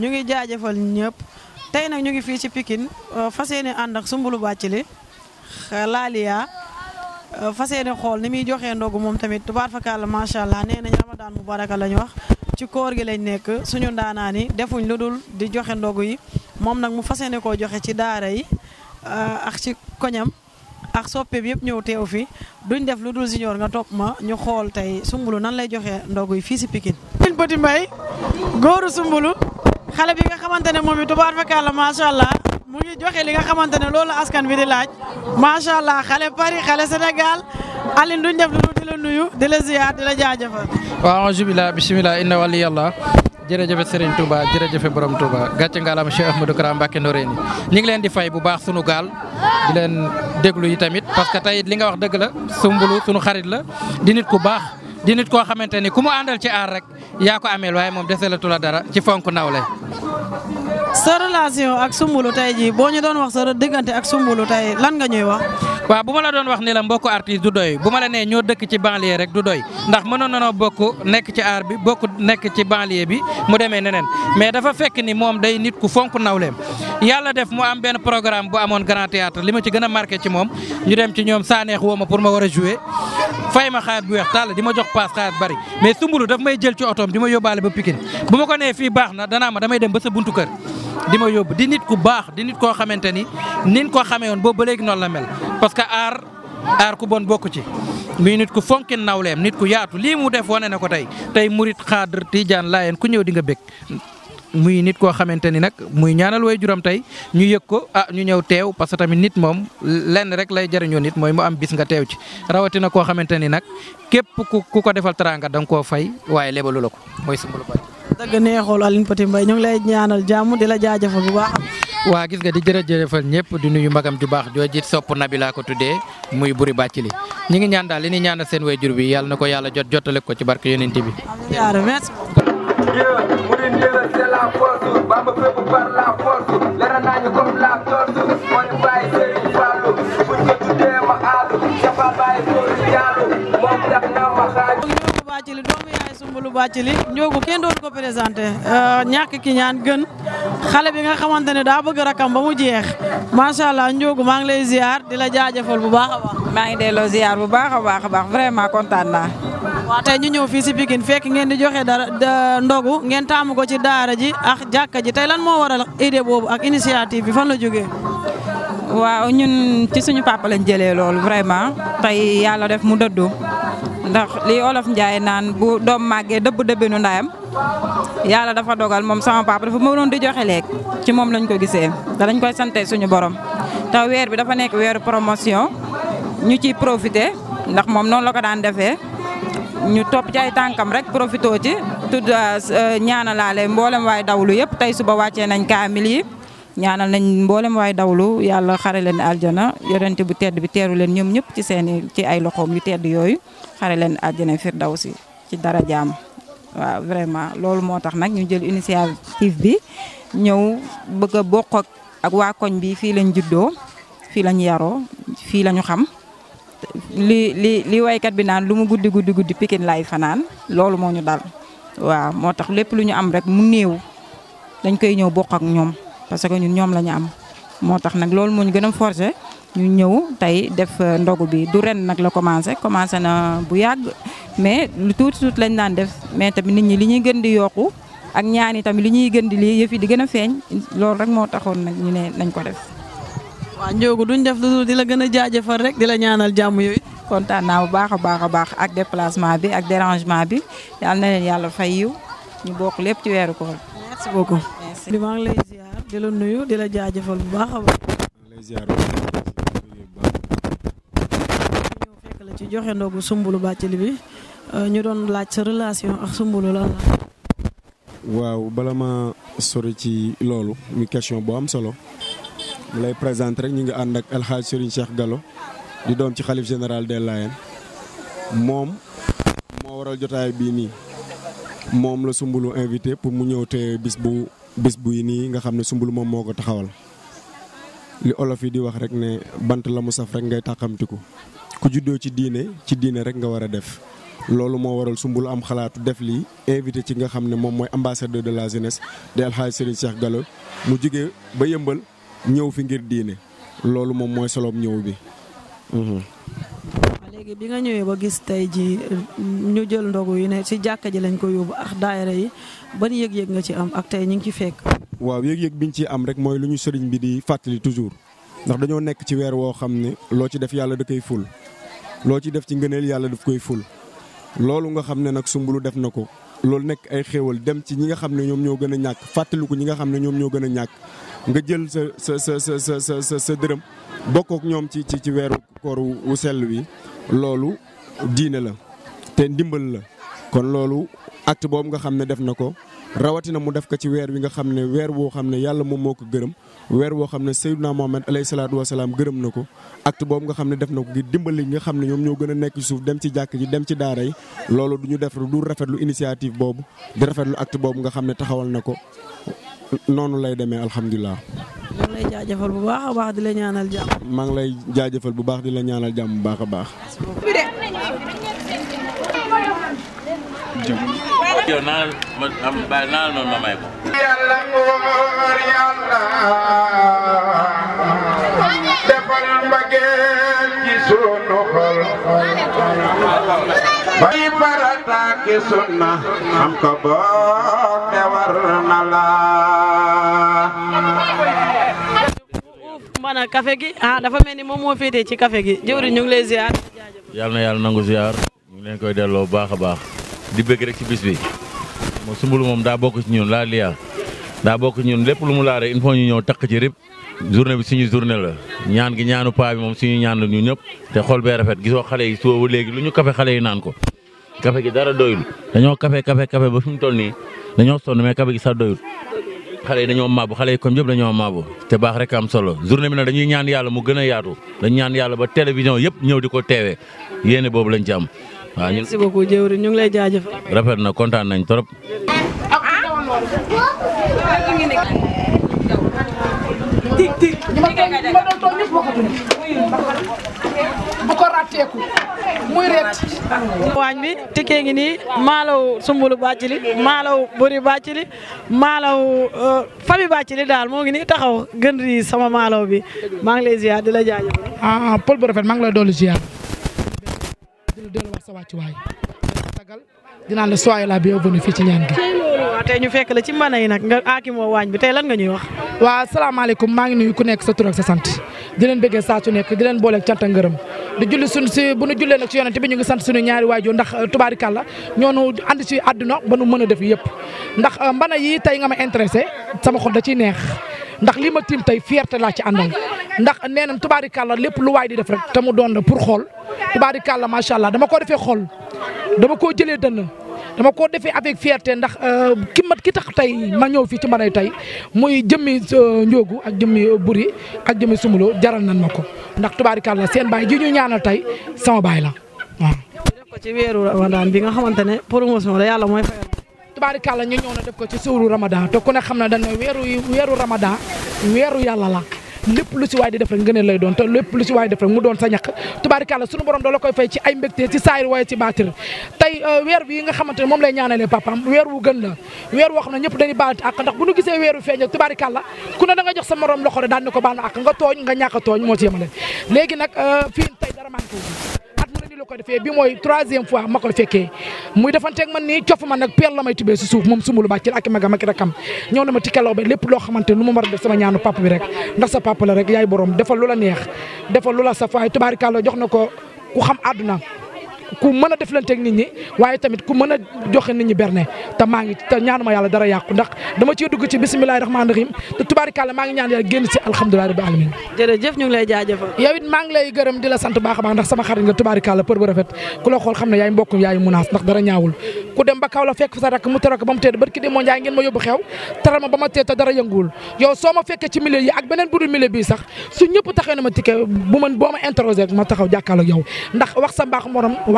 ñu ngi jaajëfal ñëpp tey nag ñu ngi fii ci pikin euh, fas yéene ànd ak sumbulu Soumboulou Bathily euh, Laliya euh, fas yéene xool ni muy joxe ndogu moom tamit tubaar fakàlla macha allah nee nañ ramadaan mu baraka la ñu wax ci koor gi lañ nekk suñu ndaanaan yi defuñ lu dul di joxe ndogu yi moom nag mu fas yéene koo joxe ci daara yi ak ci koñam ak soppeem yëpp ñëw teew fi duñ def lu dul junior nga topp ma ñu xool tey Soumboulou nan lay joxe ndogu yi fii si Pikine. Petit Mbaye góoru Soumboulou xale bi nga xamante ne moom it tubaar fakàlla macha allah mu ngi joxe li nga xamante ne loolu askan bi di laaj macha allah xale Paris xale Sénégal Alioune duñ def lu di la nuyu di la ziar di la jaajëfal. waaw alhamdulilah bisimilah inna waliyallah jërëjëf Serigne Touba jërëjëf borom Touba gàcce ngalaam Cheikh Ahmadou Kara Mbacké Noreyni ñi ngi leen di fay bu baax sunu gaal di leen déglu yi tamit parce que tey li nga wax dëgg la sumbulu sunu xarit la di nit ku baax. di nit koo xamante ni ku mu àndal ci aar rek yaa ko ameel waaye moom deselatu la dara ci fonk nawle. sa relation ak Soumboulou tey jii boo ñu doon wax sa diggante ak Soumboulou tey lan nga ñuy wax. waaw bu ma la doon wax ni la mbokku artiste du doy bu ma la nee ñoo dëkk ci banlieue rek du doy ndax mënoon nanoo bokk nekk ci aar bi bokk nekk ci banlieue bi mu demee neneen mais dafa fekk ni moom day nit ku fonk nawleem yàlla def mu am benn programme bu amoon grand théâtre li ma ci gën a marqué ci moom ñu dem ci ñoom saaneex woo ma pour ma war a jouer fay ma xaar bu weex tàll di ma jox paas xaar bari mais sumbulu daf may jël ci otoom di ma yóbbaale ba Pikine bu ma ko nee fii baax na danaa ma damay dem ba sa buntu kër di ma yóbbu di nit ku baax di nit koo xamante ni nin ko xamee woon boobu ba léegi noonu la mel parce que aar aar ku bon bokk ci muy nit ku fonkin nawleem nit ku yaatu lii mu def wane na ko tey tey murit xaadir tijaan laayeen ku ñëw di nga bég muy nit koo xamante ni nag muy ñaanal way juram tey ñu yëg ko ah ñu ñëw teew parce que tamit nit moom lenn rek lay jariñoo nit mooy mu am bis nga teew ci rawatina koo xamante ni nag képp ku ku ko defal teraanga da nga koo fay waaye lebalu la ko mooy sumbulu baay. dëgg neexool Alioune Petit Mbaye ñu ngi lay ñaanal jàmm di la jaajëfal bu baax. waa gis nga di jërëjëfal ñëpp di nuyu magam ju baax jooju sopp nabi laa ko tuddee muy buri bàcc li ñi ngi ñaan daal li ñuy ñaanal seen jur bi yàlla na ko yàlla jot jotale ko ci barke yonent bi. Dieu mu di Dieu c'est la force Bamba la force leer nañu comme la torche moo ñu bàyyi Serigne Fallou buñ ko tuddee ma aalu dafa bàyyi Sori Diallo ma xaaju. Ndiogou Bathily doomu yaay Soumboulou Bathily Ndiogou kenn doon ko présenté euh, ñàkk ki ñaan gën xale bi nga xamante ne daa bëgg rakam ba mu jeex macha allah Ndiogou maa ngi lay ziar di la jaajëfal bu baax a baax. maa ngi delloo ziar bu baax a baax a baax vraiment kontaan naa. waaw tey ñu ñëw fii si Pikine fekk ngeen di joxe dara ndogu ngeen taamu ko ci daara ji ak jàkka ji tey lan moo waral idée boobu ak initiative bi fan la jógee. waaw ñun ci suñu papa lañ jëlee loolu vraiment tey yàlla def mu dëddu ndax li olof Ndiaye naan bu doom màggee dëbb dëbbinu ndayam yàlla dafa dogal moom sama papa dafa mënoon di joxe leeg ci moom lañ ko gisee danañ koy sante suñu borom te weer bi dafa nekk weeru promotion ñu ciy profité ndax moom noonu la ko daan defee. ñu topp ci ay tànkam rek profité ci tudd euh, euh, ñaanalaale mboolem waay dawlu yëpp tey suba wàccee nañ kaamil yi ñaanal nañ mboolem waay dawlu yàlla xare leen aljana yonente bu tedd bi teeru leen ñoom ñëpp ci seeni ci ay loxoom yu tedd yooyu xare leen aljana firdawsi ci dara jaam vraiment loolu moo tax nag ñu jël initiative bi ñëw bëgg bokk ak waa koñ bi fii lañ juddoo fii lañ yaroo fii lañu xam lii li li waykat bi naan lu mu guddi guddi guddi pikin laay fanaan loolu moo ñu dal waaw moo tax lépp lu ñu am rek mu néew dañ koy ñëw bokk ak ñoom parce que ñun ñoom la ñu am moo tax nag loolu moo ñu gën a forcé ñu ñëw tey def euh, ndogu bi du ren nag la commencé commencé na bu yàgg mais lu tuuti tuuti lañ daan def mais tamit nit ñi li ñuy gën di yokku ak ñaan yi tamit li ñuy gën di lii yëf di gën a feeñ loolu rek moo taxoon nag ñu ne nañ ko def waaw Ndiogou duñ def lu dul di la gën a jaajafal rek di la ñaanal jàmm yooyu. kontaan bu baax a baax a baax ak déplacement bi ak dérangement bi yal na leen yàlla fay yiw ñu bokk lépp ci weeru koor. merci beaucoup. merci bi maa ngi lay ziar di la nuyu di la jaajëfal bu baax a baax. lay ziar bu ñëw fekk la ci joxe ndogu Soumboulou Bathily bi euh, ñu doon laaj sa relation ak Soumboulou lan la. waaw bala ma sori ci loolu mi question bu am solo. mu lay présenter rek ñu ngi ànd ak El Hadj Serigne Cheikh Gallo di doom ci xalif général de Layènes moom moo waral jotaay bii nii moom la Soumboulou invité pour mu ñëw te bis bu bis buy nii nga xam ne sumbulu moom moo ko taxawal. li olof yi di wax rek ne bant la mu saf rek ngay tàqamtiku ku juddoo ci diine ci diine rek nga war a def loolu moo waral Soumboulou am xalaatu def lii invité ci nga xam ne moom mooy ambassadeur de la jeunesse de El Hadj Serigne Cheikh Gallo mu ba yëmbal. ñëw fi ngir diine loolu moom mooy soloom ñëw bi. Mhm. léegi bi nga ñëwee ba gis tey ji ñu jël ndogu yi ne ci jàkka ji lañ ko yóbbu ak daayira yi ban yëg-yëg nga ci am ak tey ñu ngi ci fekk. waaw yëg-yëg ñu ci am rek mooy lu ñu sëriñ bi di fàttali toujours ndax dañoo nekk ci weer woo xam ne loo ci def yàlla da koy ful loo ci def ci ngëneel yàlla daf koy ful loolu nga xam ne nag sumbulu def na ko loolu nekk ay xéewal dem ci ñi nga xam ne ñoom ñoo gën a ñàkk fàttaliku ñi nga xam ne ñoom ñoo gën a ñàkk nga jël sa sa sa sa sa sa dërëm bokk ñoom ci ci ci weeru koor wu sell wi loolu diine la te ndimbal la kon loolu acte boobu nga xam ne def na ko rawatina mu def ko ci weer wi nga xam ne weer woo xam ne yàlla moom moo ko gërëm weer woo xam ne Seydina Mohamed alayhi salaatu wasalaam gërëm na ko acte boobu nga xam ne def na ko ngir dimbali nga xam ne ñoom ñoo gën a nekk suuf dem ci jàkk ji dem ci daara yi loolu du ñu def du rafetlu initiative boobu di rafetlu acte boobu nga xam ne taxawal na ko noonu lay demee alhamdulilah. maa ngi lay jaajëfal bu baax a baax di la ñaanal lay jaajëfal bu baax di la ñaanal jàmm bu baax a baax. jëm. yow naa ma am bàyyi naa la noonu ma may ko. yàlla moor yàlla defal mbageel ci sunu xol. bàyyi farata ki sunna am ko bokk war na la. mbana kafe gi ah dafa mel ni moom moo féetee ci kafe gi jëwri ñu ngi lay ziar. yàlla na yàlla nangu ziar. ñu ngi leen koy delloo baax a baax. di bëgg rek ci bis bi moom Soumboulou moom daa bokk ci ñun laa liyaa daa bokk ci ñun lépp lu mu laa il faut ñu ñëw takk ci rib journée bi suñu journée la ñaan gi ñaanu paa bi moom suñu ñaan la ñu ñëpp te xol bee rafet gisoo xale yi suba ba léegi lu ñu kafe xale yi naan ko kafe gi dara doyul dañoo kafe kafe kafe ba fi mu toll nii dañoo sonn mais kafe gi sa doyul xale yi dañoo bu xale yi comme yëpp dañoo maabu te baax rek am solo journée bi na dañuy ñaan yàlla mu gën a yaatu dañ ñaan yàlla ba télévision yëpp ñëw di ko teewee yéene boobu lañ ci waaw ñun merci ñu ngi lay jaajëfal. rafet na kontaan nañ trop. bu ko ratteeku waañ bi tikkee ngi nii maalaw sumbulu bàccili maalaw bëri bàccili maalaw euh, fami bàccili daal moo ngi nii taxaw gën ri sama maalaw bi maa ngi lay ziar di la jaajëfal ah, ah, pol Paul bu rafet maa ngi lay dolli ziar sa wàcc waay sagal dinaan la soyé la bienvenue fii la ci mbana yi nag nga aakimoo waañ bi tey lan nga ñuy wax waaw maa ngi nuyu ku nekk sa tur ak sa sant di leen bëggee saa su nekk di leen booleeg cant ak ngërëm di julli suñu si bu nu jullee nag si yonente bi ñu ngi sant suñu ñaari waajur ndax euh, tubaarikàlla ñoonu ànd si àdduna ba nu mën a def yëpp ndax euh, mbana yi tey nga ma intéressé sama xol da ciy neex ndax lii ma tiim tey fierté laa ci àndal ndax nee na tubaarikàlla lépp lu waay di def rek te mu doon la pour xool tubaarikàlla macha allah dama ko defee xol dama koo jëlee dënn dama koo defee avec fierté ndax euh, ki ma ki tax tey ma ñëw fii ci mbanay tey muy jëmmi euh, njóogu ak jëmmi euh, buri ak jëmmi sumulo jaral nañ ma ko ndax tubaarikàlla seen baay ji ñaana ñaanal tey sama baay la waaw. def ko ci weeru ramadan bi nga xamante ne promotion la yàlla mooy fayal. tubaarikàlla ñu ñëw na def ko ci suuru ramadan te ku ne xam na dañ ne weeru weeru ramadan weeru yàlla la. lépp lu si waay di def rek ngëneel lay doon lépp lu si waay def rek mu doon sa ñaq sunu borom dala koy fay ci ay mbégte ci saayir waaye ci baatir tey euh, weer bi nga xamante moom lay ñaanalee papaam weer wu la weer woo xam ne ñëpp dañuy baal ak ndax bu ñu gisee weer nga tooñ nga ñàkk a tooñ moo ci yemale léegi nag euh, fii tey dara maa ngi ko defee bi mooy troisième fois ma ko fekkee muy defanteeg man nii cof man nag peel la may tubee si suuf moom sumbulu bàccil ak magam ak rakam ñëw na ma tikkalaw ba lépp loo xamante lu ma war a def sama ñaanu papa bi rek ndax sa papa la rek yaay borom defal lu la neex defal lu la safaay tubaarikàlla jox na ko ku xam àdduna ku mën a deflanteeg nit ñi waaye tamit ku mën joxe nit ñi berne te maa ngi te ñaanuma yàlla dara yàqu ndax dama ciy dugg ci bisimilahi rahmaani rahim te tubaarikàlla maa ngi ñaan la sant baax a baax ndax la xool xam ne yaay mbokkum yaay munaas ndax dara ñaawul ku dem ba kaw la fekk fa sa mu teral ko ba mu tedd barki dem moo njaay ngeen ma yóbbu xew teral ma ba ma tedd te dara yënguwul yow soo ma fekkee ci milieu yi beneen budul milieu bii sax su ñëpp taxee ma tikke bu man ma interroger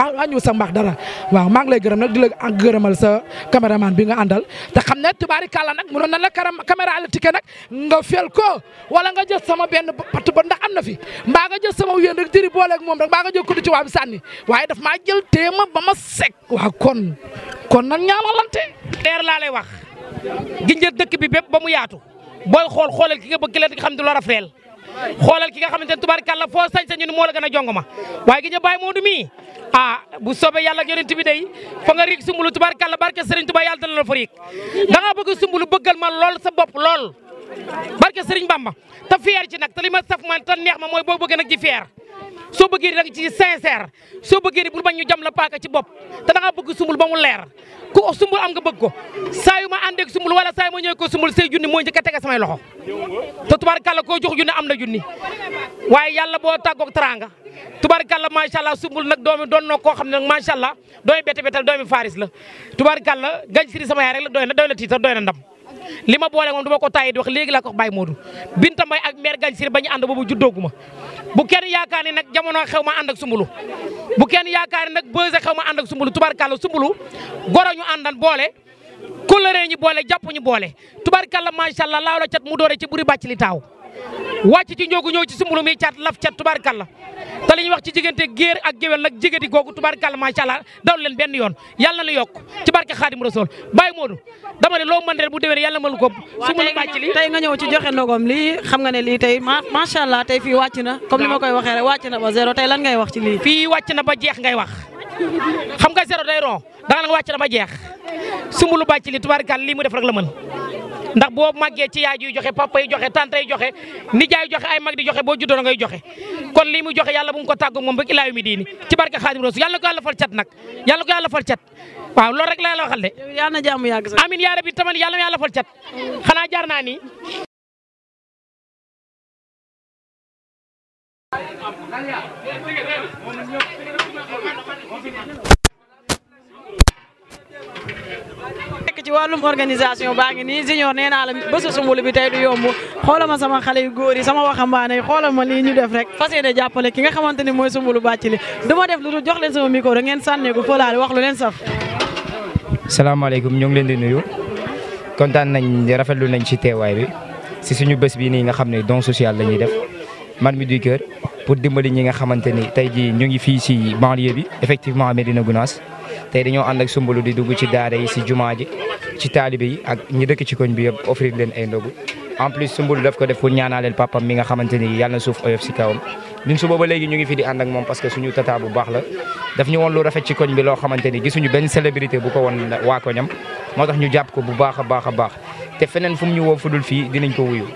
waaw wàññiwul sa mbaax dara waaw maa ngi lay gërëm na di la gërëmal sa caméraman bi nga àndal te xam ne tubaari kàlla nag mënoon na la caméra la tike nag nga fel ko wala nga jël sama benn pat ba ndax am na fi mbaa nga jël sama yéen rek diri booleeg moom rek mbaa nga jël kudu ci waa bi sànni waaye daf maa jël téema ba ma sek waaw kon kon na nag ñaamalante leer laa lay wax gi ginjër dëkk bi bépp ba mu yaatu booy xool xoolal ki nga bëgg la di nga xam ne du la xoolal ki nga xamante ne tubaarkàlla foo sañ sañu ni moo la gën ma waaye gi ñu bàyyi Modou mii ah bu soobee yàlla ak yonent bi day nga riig sumbulu tubaarkàlla barke Serigne Touba yàlla dana la fa riig da nga bëgg sumbulu bëggal ma lool sa bopp lool barke Serigne Bamba te fier ci nag te li ma saf man te neex ma mooy boo bëgg nag di fier soo bëggee di rek ci sincère soo bëggee di bul bañ ñu jam la paaka ci bopp te da bëgg sumbul ba mu leer ku sumbul am nga bëgg ko saa yu ma àndeeg sumbul wala saa yu ma ñëwee ko sumbul say junni moo njëkk a tege samay loxo te tubaarkàlla koo jox junni am na junni waaye yàlla boo tàggoog teraanga tubaarkàlla macha allah sumbul nag doomi doon na koo xam ne nag macha allah doomi bete betal doomi faris la tubaarkàlla gañ siri sama yaay rek la doy na doy na tiitar doy li ma boole moom du ma ko tàyyi di wax léegi laa ko wax Baye Modou Binta Mbaye ak mère Gagne Sir ba ñu ànd boobu juddooguma bu kenn yaakaar ne nag jamono xew ma ànd ak sumbulu bu kenn yaakaar ne nag beuse xew ma ànd ak sumbulu tubarkàlla sumbulu goro ñu àndan boole kulëree ñu boole jàpp ñu boole tubarkàlla macha allah laaw la cat mu doore ci buri bàcc li taaw wàcc ci njóogu ñëw ci sumbulu mi cat laf cat tubarkàlla te li ñuy wax ci diggante géer ak géwél nag jigéti googu tubaarkàlla macha allah daw leen benn yoon yàlla na la yokk ci barke xaadim rasool Baye Modou dama ne loo mën ren bu déwénee yàlla mën ko su mënu bàcc li tey nga ñëw ci joxe ndogoom lii xam nga ne li tey macha allah tey fii wàcc na comme ni ma koy waxee rek wàcc na ba zéro tey lan ngay wax ci lii fii wàcc na ba jeex ngay wax xam nga zéro day ron danga la nga wàcc na ba jeex lu bàcc li tubaarkàlla lii mu def rek la mën ndax boo màggee ci yaay yuy joxe papa yi joxe tante yi joxe nijaay joxe ay mag di joxe boo juddoo ngay joxe kon lii mu joxe yàlla bu mu ko tàggu moom ba diini ci barke Xaadim Rasul yàlla ko yàlla fal cat nag yàlla ko yàlla fal cat waaw loolu rek laa la waxal de. yal na jàmm yàgg sax amiin yaa rabbi tamal yàlla yàlla fal cat jaar naa ci wàllum organisation baa ngi nii junior nee naa la bésu sumbulu bi tey du yomb xoolal ma sama xale yu góor yi sama waxambaane yi xoolal ma lii ñu def rek fas yéene jàppale ki nga xamante ni mooy sumbulu bàcc li du ma def lu dul jox leen sama micro rek ngeen sànneeku fëlaale wax lu leen saf. salaamaaleykum ñoo ngi leen di nuyu kontaan nañ rafetlu nañ ci teewaay bi si suñu bés bi nii nga xam ne don social la ñuy def mi du Cœur pour dimbali ñi nga xamante ni tey jii ñu ngi fii si banlieue bi effectivement Médina Gounass tey dañoo ànd ak Soumboulou di dugg ci daara yi si jumaa ji ci taalibe yi ak ñi dëkk ci koñ bi yëpp offrir leen ay ndogu en plus Soumboulou daf ko def pour ñaanaaleel papam mi nga xamante ni yàlla na suuf oyof si kawam ñun su booba léegi ñu ngi fi di ànd moom parce que suñu tata bu baax la daf ñu woon lu rafet ci koñ bi loo xamante ni gisuñu benn célébrité bu ko woon waa koñam moo tax ñu jàpp ko bu baax a baax a baax te feneen fu mu ñu woo dul fii dinañ ko wuyu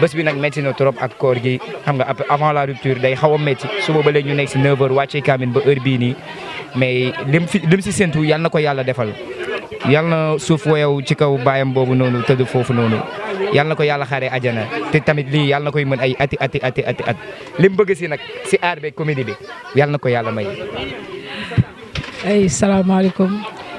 bés bi nag métti na trop ak koor gi xam nga avant la rupture day xaw a métti su booba léegi ñu nekk si 9h wàccee ba heure bii nii mais lim fi lim si séntu yàlla na ko yàlla defal yal na suuf woyow ci kaw baayam boobu noonu tëdd foofu noonu yal na ko yàlla xaaree ajana te tamit lii yal na koy mën ay ati ati ati ati at li mu bëgg si nag si aar beeg comédie bi yal na ko yàlla may. ay salaamaaleykum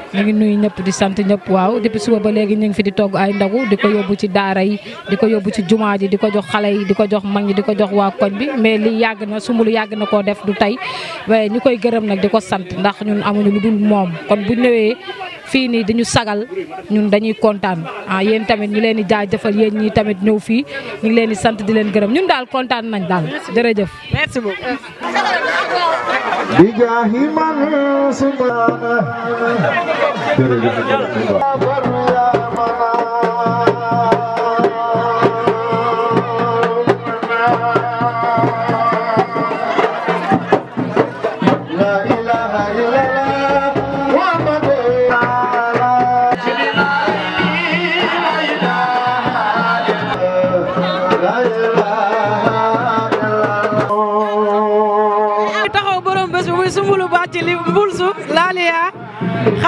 ñu ngi nuyu ñëpp di sant ñëpp waaw depuis suba ba léegi ñu ngi fi di togg ay ndagu di ko yóbbu ci daara yi di ko yóbbu ci jumaa ji di ko jox xale yi di ko jox mag yi di ko jox waa koñ bi mais lii yàgg na sumbulu yàgg na koo def du tey ñu koy gërëm nag di ko sant ndax ñun fii nii di ñu sagal ñun dañuy kontaan ah yéen tamit ñu leen di jëfal yéen ñii tamit ñëw fii ñu ngi leen di sant di leen gërëm ñun daal kontaan nañ daal jërëjëf. merci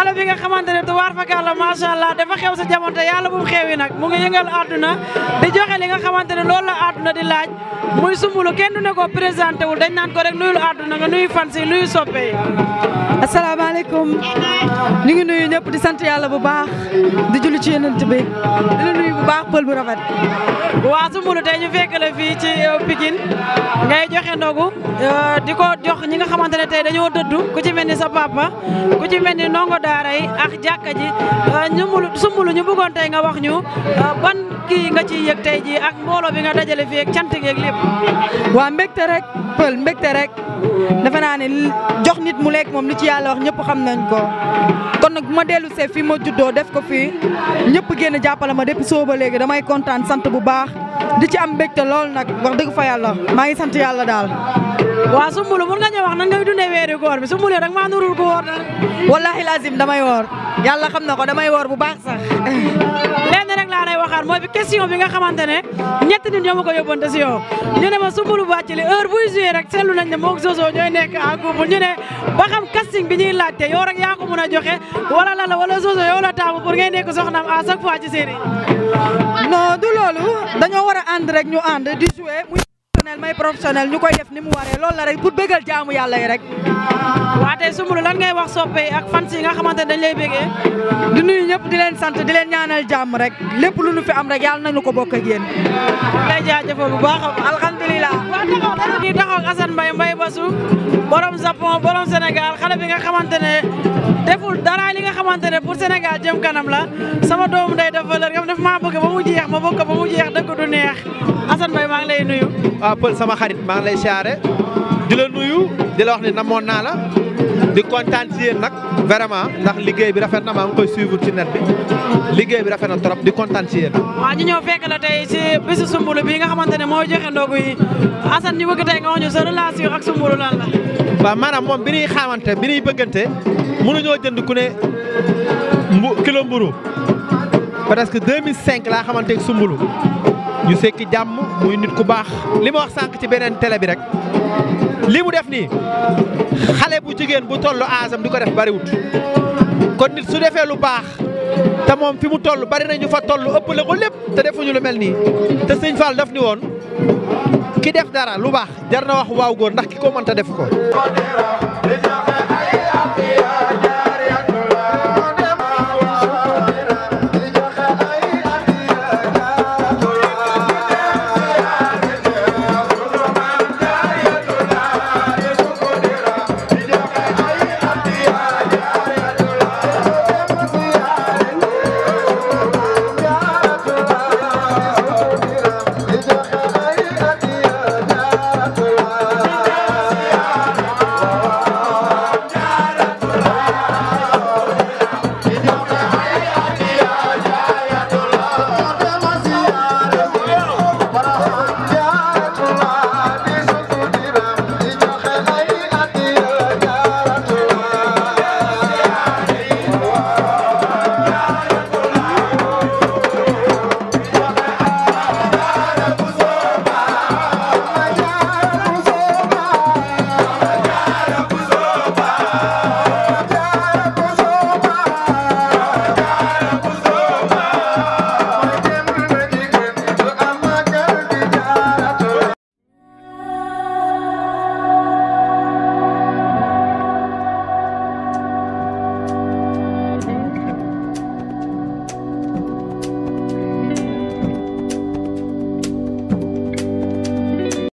xale bi nga xamante ne tubaar fakal la macha allah dafa xew sa jamono te yàlla bu mu xewi nag mu ngi yëngal àdduna di joxe li nga xamante ne loolu la àdduna di laaj muy sumbulu kenn du ne ko présenté dañ naan ko rek nuyul àdduna nga nuyu fan si nuyu soppe yi asalaamaaleykum ñu ngi nuyu ñëpp di sant yàlla bu baax di julli ci yenant bi di nuyu bu baax pël bu rafet waa Soumboulou tey ñu fekk la fii ci euh, Pikine ngay joxe ndogu euh, di ko jox ñi nga xamante ne tey dañoo dëddu ku ci mel ni sa papa ku ci mel ni ndongo daara yi ak jàkka ji ñu euh, ñu bëggoon nga wax ñu ban kii nga ciy yëg tey jii ak mbooloo bi nga dajale fii ak cant gi ak lépp. waa mbégte rek pël mbégte rek defe naa ne jox nit mu lekk moom li ci yàlla wax ñëpp xam nañ ko kon nag ma dellu see fii ma juddoo def ko fii ñëpp génn jàppale ma depuis soo ba léegi damay kontaan sant bu baax di ci am mbégte lool nag wax dëgg fa yàlla maa ngi sant yàlla daal. waa Soumboulou mun nga ñëw wax nan ngay dundee weeru koor bi Soumboulou rek maa nurul ko woor daal. wallaahi lazim damay woor yàlla xam na ko damay woor bu baax sax. lenn rek laa mooy bi question bi nga xamante ne ñett nit ñoo ko yóbbante si yow ñu ne ma Soumboulou Bathily buy joué rek seetlu nañ ne moog Zozo ñooy nekk en couple ñu ne bi ñuy laajte yow rek yaa ko mën a joxe wala la la wala Zozo yow la taamu pour ngay nekk soxnaam à chaque fois ci série non du loolu dañoo war a ànd rek ñu ànd di joué muy professionnel may professionnel ñu koy def ni mu waree loolu la rek pour bëggal jaamu waa tey Soumboulou lan ngay wax soppe ak fans yi nga xamante ne dañ lay bégee di nuyu ñëpp di leen sant di leen ñaanal jàmm rek lépp lu nu fi am rek yàlla nañu ko bokk ak yéen lay jaajëfal bu baax alhamdulilah waa taxaw dara di taxaw ak Assane Mbaye Mbaye Basu borom Japon borom Sénégal xale bi nga xamante ne deful dara li nga xamante ne pour Sénégal jëm kanam la sama doomu day dafa lër nga def maa bëgg ba mu jeex ma bëgg ko ba mu jeex dëkk du neex Assane Mbaye maa lay nuyu waaw sama xarit maa ngi lay siyaare di la nuyu di la wax ne namoon naa la di kontaan ci yéen nag vraiment ndax liggéey bi rafet na maa ngi koy suivre ci net bi liggéey bi rafet na trop di kontaan ci yéen. waaw ñu ñëw fekk la tey ci bésu Soumboulou bi nga xamante ne moo joxe ndogu yi Assane ñu bëgg nga wax ñu sa relation ak Soumboulou lan la. waaw maanaam moom bi ñuy xamante bi ñuy bëggante mënuñoo jënd ku ne mbu kilo mburu presque 2005 laa xamante ak Soumboulou ñu sekki jàmm muy nit ku baax li ma wax sànq ci beneen télé bi rek. lii mu def nii xale bu jigéen bu toll aasam di ko def bariwut kon nit su defee lu baax te moom fi mu toll bari na ñu fa toll ëppale ko lépp te defuñu lu mel nii te sëñ Fall daf ni woon ki def dara lu baax jar na wax waaw góor ndax ki ko mënta def ko.